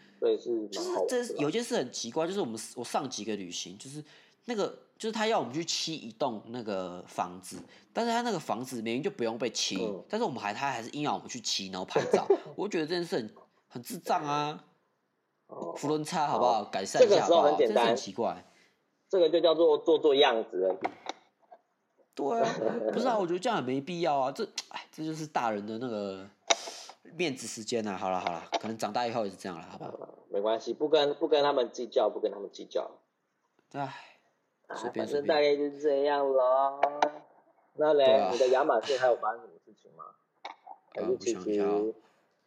就是這有件事很奇怪，就是我們我上幾個旅行，就是那個就是他要我們去拆一棟那個房子，但是他那個房子明明就不用被拆，嗯、但是我們還他還是硬要我們去拆，然後拍照，嗯、我覺得這件事很很智障啊。扶、嗯、輪差好不好，好？改善一下好不好這個時候，很簡單，很奇怪。這個就叫做做做樣子而已。對、啊， 不是啊，我覺得這樣也沒必要啊。這哎，這就是大人的那個。面子時間吶、啊，好了好了，可能長大以後也是這樣了，好吧、嗯、沒關係，不跟不跟他們計較，不跟他們計較。唉，反正、啊、大概就是這樣嘍。那雷、啊，你的亞馬遜還有發生什麼事情嗎？嗯、還其實其實、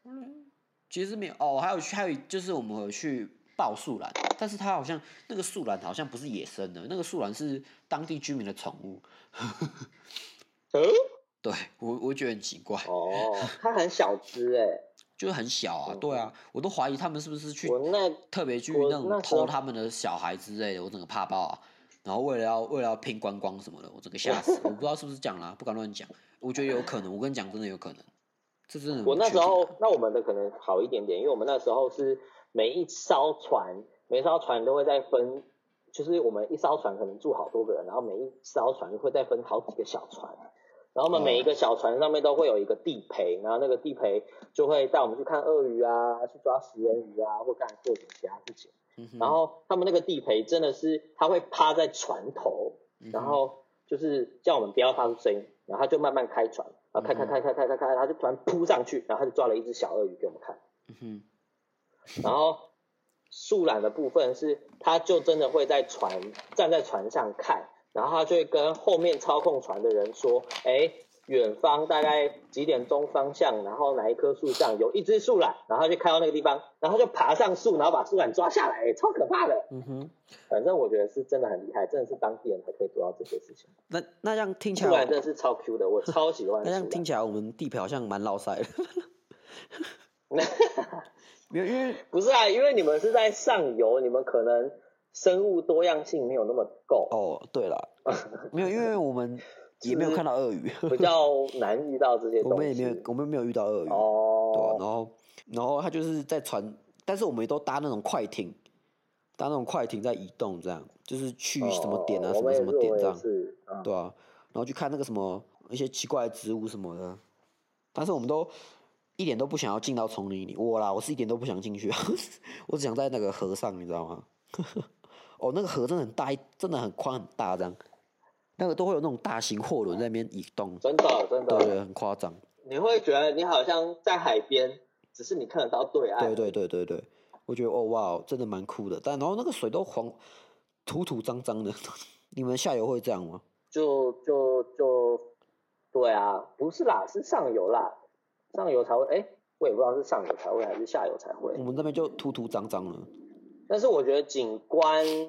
嗯，其實沒有哦，還有還有，就是我們有去抱樹懶，但是他好像那個樹懶好像不是野生的，那個樹懶是當地居民的寵物。呃。嗯對我，我覺得很奇怪。哦，他很小隻哎、欸， 就是很小啊。對啊，我都懷疑他們是不是去那特別去那種偷他們的小孩之類的。我整個怕爆啊，然後為了要為了要拼觀光，光什麼的，我整個嚇死。 我不知道是不是講了、啊，不敢亂講。我覺得有可能，我跟你講，真的有可能。這是、啊、我那時候，那我們的可能好一點點，因為我們那時候是每一艘船，每一艘船都會再分，就是我們一艘船可能住好多個人，然後每一艘船就會再分好幾個小船。然後我們每一個小船上面都會有一個地陪、啊，然後那個地陪就會帶我們去看鱷魚啊，去抓食人魚啊，或幹各種其他事情、嗯。然後他們那個地陪真的是他會趴在船頭、嗯，然後就是叫我們不要發出聲音，然後他就慢慢開船，啊開開開開開開開，他就突然撲上去，然後他就抓了一隻小鱷魚給我們看。嗯、哼，然後樹懶的部分是，他就真的會在船站在船上看。然後他就跟後面操控船的人說：“哎，遠方大概幾點鐘方向？然後哪一棵樹上有一只樹懶？然後就開到那個地方，然後就爬上樹，然後把樹懶抓下來，超可怕的。”嗯哼，反正我覺得是真的很厲害，真的是當地人才可以做到這些事情。那那這樣聽起來，樹懶真的是超 Q 的，我超喜歡。那這樣聽起來，我們地表像蠻老塞的。哈哈，不是啊，因為你們是在上游，你們可能。生物多樣性沒有那麼夠哦。對啦，沒有，因為我們也沒有看到鱷魚，比較難遇到這些東西。我們也沒有，我們沒有遇到鱷魚哦。對，然後，然後他就是在船，但是我們也都搭那種快艇，搭那種快艇在移動，這樣就是去什麼點啊、哦，什麼什麼點這樣，是是啊對啊，然後去看那個什麼一些奇怪的植物什麼的，但是我們都一點都不想要進到叢林裡。我啦，我是一點都不想進去， 我只想在那個河上，你知道嗎？ 哦，那個河真的很大，真的很寬很大，這樣，那個都會有那種大型貨輪在那邊移動、嗯。真的，真的，對，很誇張。你會覺得你好像在海邊，只是你看得到對岸。對對對對對，我覺得哦哇，真的蠻酷的。但然後那個水都黃、土土髒髒的。 你們下游會這樣嗎？就就就，對啊，不是啦，是上游啦，上游才會。哎、欸，我也不知道是上游才會還是下游才會。我們這邊就土土髒髒了。但是我覺得景觀，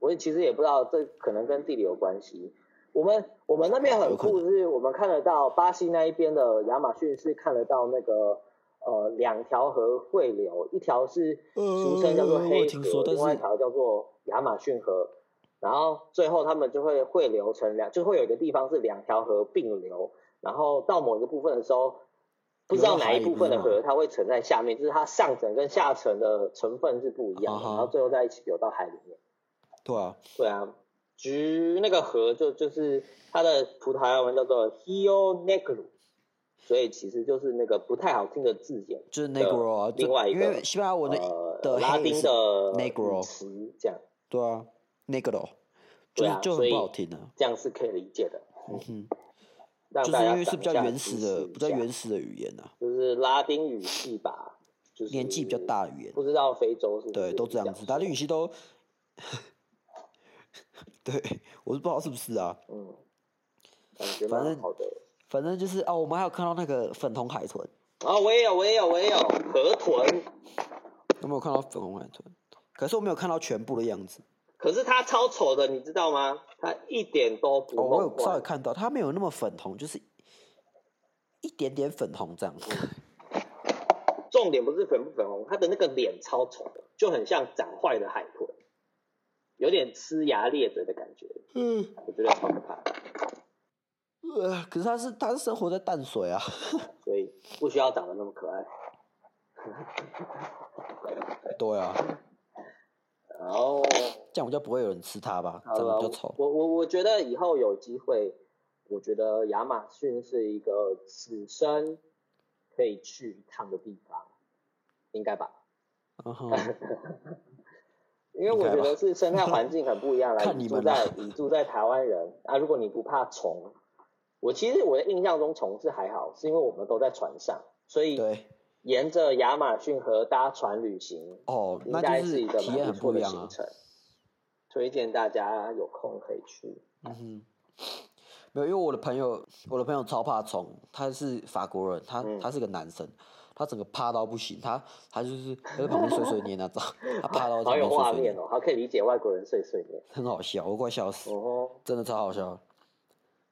我其實也不知道，這可能跟地理有關係。我們我們那邊很酷，就是我們看得到巴西那一邊的亞馬遜是看得到那個呃兩條河匯流，一條是俗稱叫做黑河，嗯，另外一條叫做亞馬遜河，然後最後他們就會匯流成兩，就會有一個地方是兩條河併流，然後到某一個部分的時候。不知道哪一部分的河，它會沉在下面，面、啊，就是它上層跟下層的成分是不一樣、uh -huh、然後最後再一起流到海裡面。對啊，對啊，橘那個河就就是它的葡萄牙文叫做 Rio Negro，所以其實就是那個不太好聽的字眼的個，就是 negro，另外一個因為西班牙文的、呃、的拉丁的 negro 詞這樣。對啊，negro，對啊，所以不好聽啊。這樣是可以理解的。嗯哼。就是因為是比較原始的，比較原始的語言啊，就是拉丁語系吧，就是年紀比較大的語言，不知道非洲是不是，對，都這樣子，拉丁語系都， 對，我都不知道是不是啊，嗯，感覺蠻好的。反正，反正就是哦，我們還有看到那個粉紅海豚，啊、哦，我也有，我也有，我也有河豚，有沒有看到粉紅海豚？可是我沒有看到全部的樣子。可是它超醜的，你知道嗎？它一點都不哦，我有稍微看到，它沒有那麼粉紅，就是一點點粉紅這樣子。重點不是粉不粉紅，它的那個臉超醜的，就很像長壞的海豚，有點呲牙咧嘴的的感覺。嗯，我覺得超可怕。呃，可是它是它是生活在淡水啊，所以不需要長得那麼可愛。 對啊。然後這樣我就不會有人吃它吧，長得就醜。我我我覺得以後有機會，我覺得亞馬遜是一個此生可以去一趟的地方，應該吧？哈哈哈哈，因為我覺得是生態環境很不一樣。住 看你們你住在台灣人啊，如果你不怕蟲，我其實我的印象中蟲是還好，是因為我們都在船上，所以對。沿着亞馬遜河搭船旅行哦，那就是體驗很不一樣、啊、的，的行程、哦啊，推薦大家有空可以去。嗯哼，沒有，因為我的朋友，我的朋友超怕蟲，他是法國人，他、嗯、他是一個男生，他整個怕到不行，他他就是他在旁邊碎碎念啊， 他怕到他有畫面哦，他可以理解外國人碎碎念，很好笑，我快笑死哦，真的超好笑。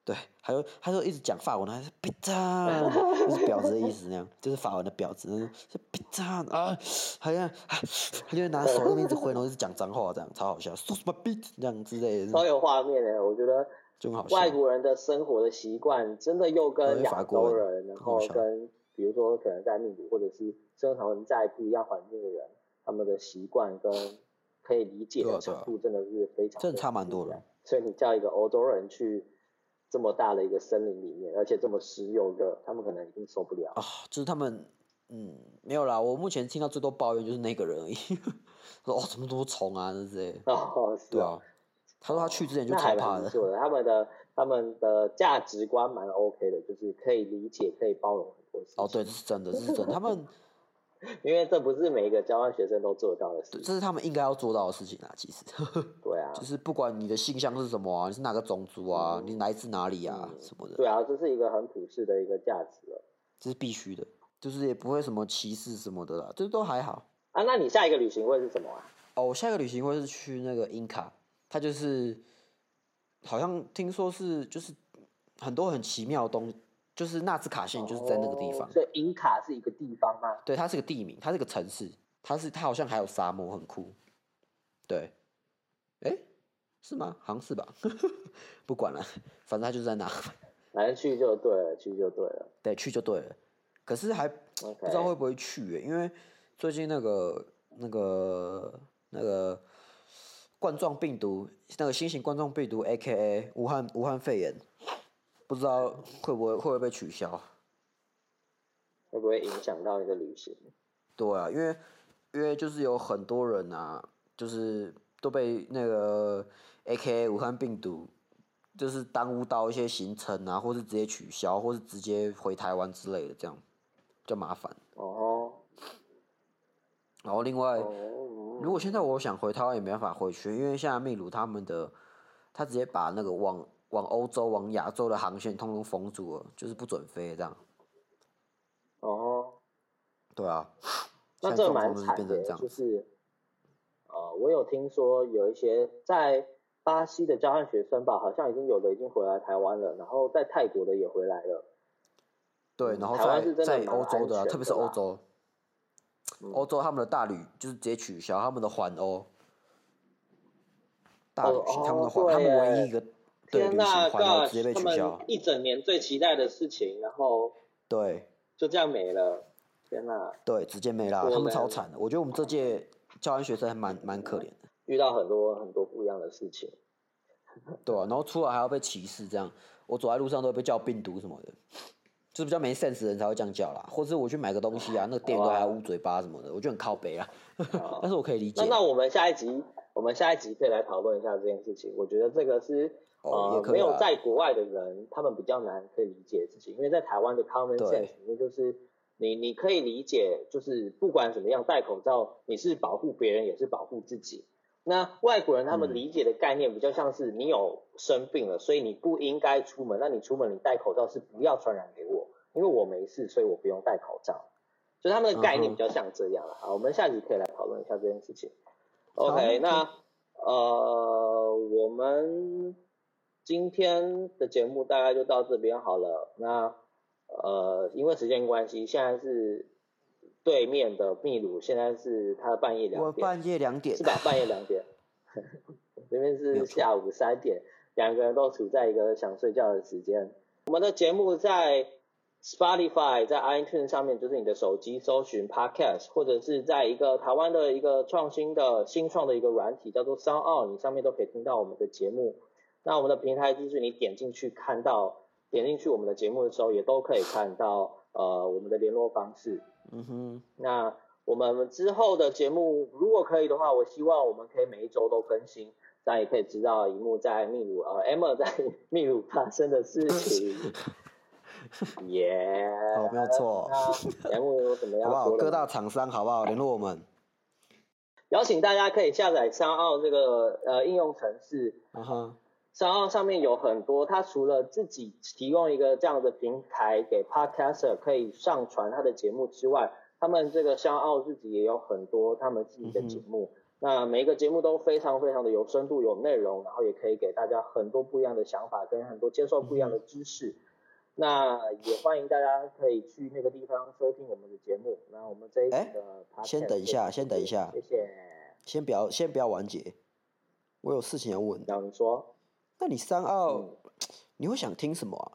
對，還有他就一直講法文，還是 bitch 就是婊子的意思，那樣就是法文的婊子，是 bitch 啊，好像他就拿手一直揮， 然後一直講髒話，這樣超好笑，說什麼 bitch 這樣之類的，超有畫面的、欸，我覺得就外國人的生活的習慣真的又跟，跟法國人，然後跟比如說可能在秘魯或者是生活在不一樣環境的人，他們的習慣跟可以理解的程度真的是非常、啊啊、非常真的差蠻多的，所以你叫一個歐洲人去。這麼大的一個森林裡面，而且這麼濕又熱，他們可能一定受不了了啊。就是他們，嗯，沒有啦。我目前聽到最多抱怨就是那個人，而已。呵呵說哦，怎麼這麼多蟲啊之類的。哦哦哦、對啊。他說他去之前就害怕了。哦，那還蠻不錯的，他們的他們的價值觀蠻 OK 的，就是可以理解，可以包容很多事。哦，對，是真的，是真的，他們。 因為這不是每一個交換學生都做到的事，這是他們應該要做到的事情啊。其實， 對啊，就是不管你的性向是什麼啊，你是哪個種族啊，嗯、你來自哪裡啊、嗯、什麼的。對啊，這是一個很普世的一個價值了。這是必須的，就是也不會什麼歧視什麼的啦，這都還好啊。那你下一個旅行會是什麼啊？哦，我下一個旅行會是去那個印加，它就是好像聽說是就是很多很奇妙的東西。就是納斯卡線，就是在那個地方。Oh, 所以，印加是一個地方嗎？對，它是個地名，它是個城市，它是它好像還有沙漠，很酷。對，哎，是嗎？好像是吧。 不管了，反正它就是在那。反正去就對了，去就對了。對，去就對了。可是還不知道會不會去，okay. 因為最近那個、那個、那個冠狀病毒，那個新型冠狀病毒，A K A. 武漢武漢肺炎。不知道會不會會不會被取消，會不會影響到一個旅行？對啊，因為因為就是有很多人啊，就是都被那個 A K A 武漢病毒，就是耽誤到一些行程啊，或是直接取消，或是直接回台灣之類的，這樣就麻煩。哦。然後另外，如果現在我想回台灣也沒辦法回去，因為現在秘魯他們的他直接把那個網往歐洲、往亞洲的航線通通封住了，就是不准飛這樣。哦，對啊，那這個蠻厲害的，就是，呃，我有聽說有一些在巴西的交換學生吧，好像已經有的已經回來台灣了。然後在泰國的也回來了。對，然後在是在歐洲的、啊，特別是歐洲，歐、嗯、洲他們的大旅就是直接取消他們的環歐，大旅他們的環、哦，他們唯一一個。天吶！個他，他們一整年最期待的事情，然後對，就這樣沒了。天吶！對，直接沒了。他們超慘的。我覺得我們這屆教安學生還蠻蠻可憐的，遇到很多很多不一樣的事情。對啊，然後出來還要被歧視，這樣我走在路上都會被叫病毒什麼的，就是比較沒 sense 的人才會這樣叫啦。或者我去買個東西啊，那個店都還要捂嘴巴什麼的，我覺得很靠北啊。 但是我可以理解。那那我們下一集，我們下一集可以來討論一下這件事情。我覺得這個是。呃、嗯啊，沒有在國外的人，他們比較難可以理解自己。因為在台灣的 common sense 裡面就是，你你可以理解，就是不管怎麼樣戴口罩，你是保護別人也是保護自己。那外國人他們理解的概念比較像是，你有生病了，嗯，所以你不應該出門。那你出門你戴口罩是不要傳染給我，因為我沒事，所以我不用戴口罩。所以他們的概念比較像這樣啊，嗯。我們下集可以來討論一下這件事情。OK，那、嗯、呃，我們。今天的節目大概就到這邊好了。那呃，因為時間關係，現在是對面的秘魯，現在是他半夜兩點，半夜兩點是吧？ 半夜兩點，那 邊是下午三點，兩個人都處在一個想睡覺的時間。我們的節目在 Spotify、在 iTunes 上面，就是你的手機搜尋 Podcast，或者是在一個台灣的一個創新的、新創的一個軟體叫做 Sound On，你上面都可以聽到我們的節目。那我們的平台就是你點進去看到，點進去我們的節目的時候，也都可以看到 呃我們的聯絡方式。嗯哼。那我們之後的節目如果可以的話，我希望我們可以每一周都更新，這樣也可以知道螢幕在秘魯，呃，M 在秘魯發生的事情。耶！e a 好，沒有錯。節目有什麼樣？ 好不好？各大廠商好不好？聯絡我們。 邀請大家可以下載商奧這個呃應用程式。嗯哼。三奧上面有很多，他除了自己提供一個這樣的平台給 podcaster 可以上傳他的節目之外，他們這個三奧自己也有很多他們自己的節目、嗯。那每一個節目都非常非常的有深度有內容，然後也可以給大家很多不一樣的想法跟很多接受不一樣的知識、嗯。那也歡迎大家可以去那個地方收聽我們的節目。那我們這一次、欸，先等一下，先等一下，謝謝。先不要先不要完結，我有事情要問。然後你說。那你三奧、嗯，你會想聽什麼啊？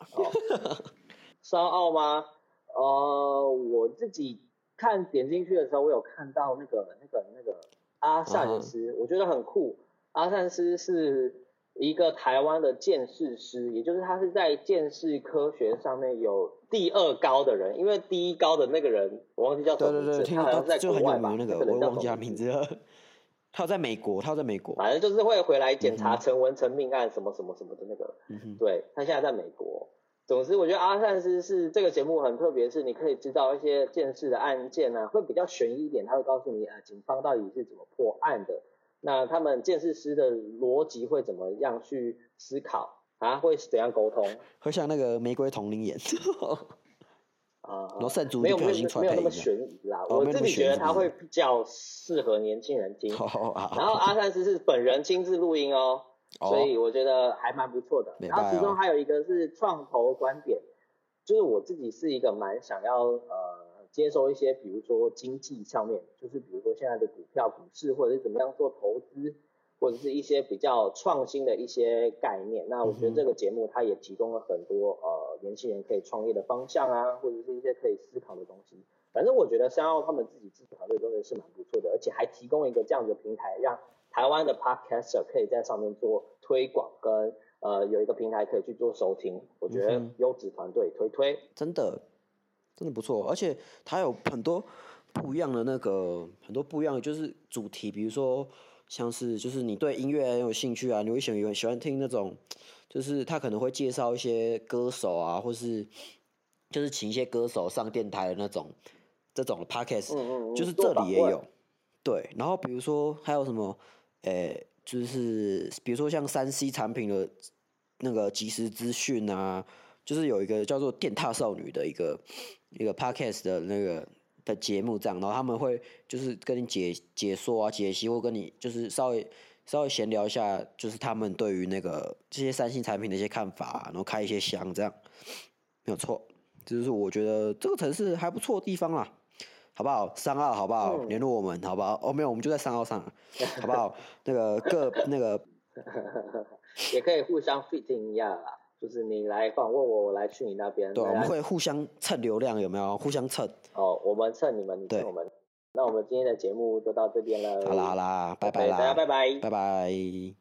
三 奧、哦、嗎？呃，我自己看點進去的時候，我有看到那個、那個、那個阿善師、啊，我覺得很酷。阿善師是一個台灣的鑑識師，也就是他是在鑑識科學上面有第二高的人，因為第一高的那個人我忘記叫什麼，他好像在國外吧？那個叫我忘記他名字了。他在美國，他在美國，反正就是會回來檢查陳文成命案什麼什麼什麼的那個。嗯、哼對，他現在在美國。總之，我覺得阿善師是這個節目很特別，是你可以知道一些鑑識的案件啊，會比較懸疑一點。他會告訴你，啊，警方到底是怎麼破案的，那他們鑑識師的邏輯會怎麼樣去思考，啊，會怎樣溝通？很像那個玫瑰瞳鈴眼。呵呵啊、呃，沒有沒有沒有那麼懸疑啦、哦，我自己覺得他會比較適合年輕人聽。哦、然後阿三斯是本人親自錄音哦，哦，所以我覺得還蠻不錯的、哦。然後其中還有一個是創投觀點，哦、就是我自己是一個蠻想要呃接收一些，比如說經濟上面，就是比如說現在的股票、股市，或者是怎麼樣做投資。或者是一些比較創新的一些概念，那我覺得這個節目它也提供了很多呃年輕人可以創業的方向啊，或者是一些可以思考的東西。反正我覺得三奧他們自己自己團隊真的是蠻不錯的，而且還提供一個這樣的平台，讓台灣的 Podcaster 可以在上面做推廣跟呃有一個平台可以去做收聽。我覺得優質團隊推推真的真的不錯，而且它有很多不一樣的那個很多不一樣的就是主題，比如說。像是就是你對音樂很有興趣啊，你會喜歡喜歡聽那種，就是他可能會介紹一些歌手啊，或是就是請一些歌手上電台的那種，這種 podcast 嗯嗯就是這裡也有。對，然後比如說還有什麼，誒、欸，就是比如說像三 C 產品的那個即時資訊啊，就是有一個叫做電獺少女的一個一個 podcast 的那個。的節目這樣，然後他們會就是跟你解解說啊，解析或跟你就是稍微稍微閒聊一下，就是他們對於那個這些三星產品的一些看法，啊，然後開一些箱這樣，沒有錯，就是我覺得這個城市還不錯的地方啦，好不好？三二，好不好？聯、嗯、絡我們，好不好？哦、喔、沒有，我們就在三二上，好不好？那個各那個，那個 那個、 也可以互相 fitting 一下啦。就是你來訪問我，我來去你那邊。對，我們會互相蹭流量，有沒有？互相蹭。哦，我們蹭你們，你們蹭我們。那我們今天的節目就到這邊了。好啦好啦，拜拜啦，okay, 大家拜拜，拜拜。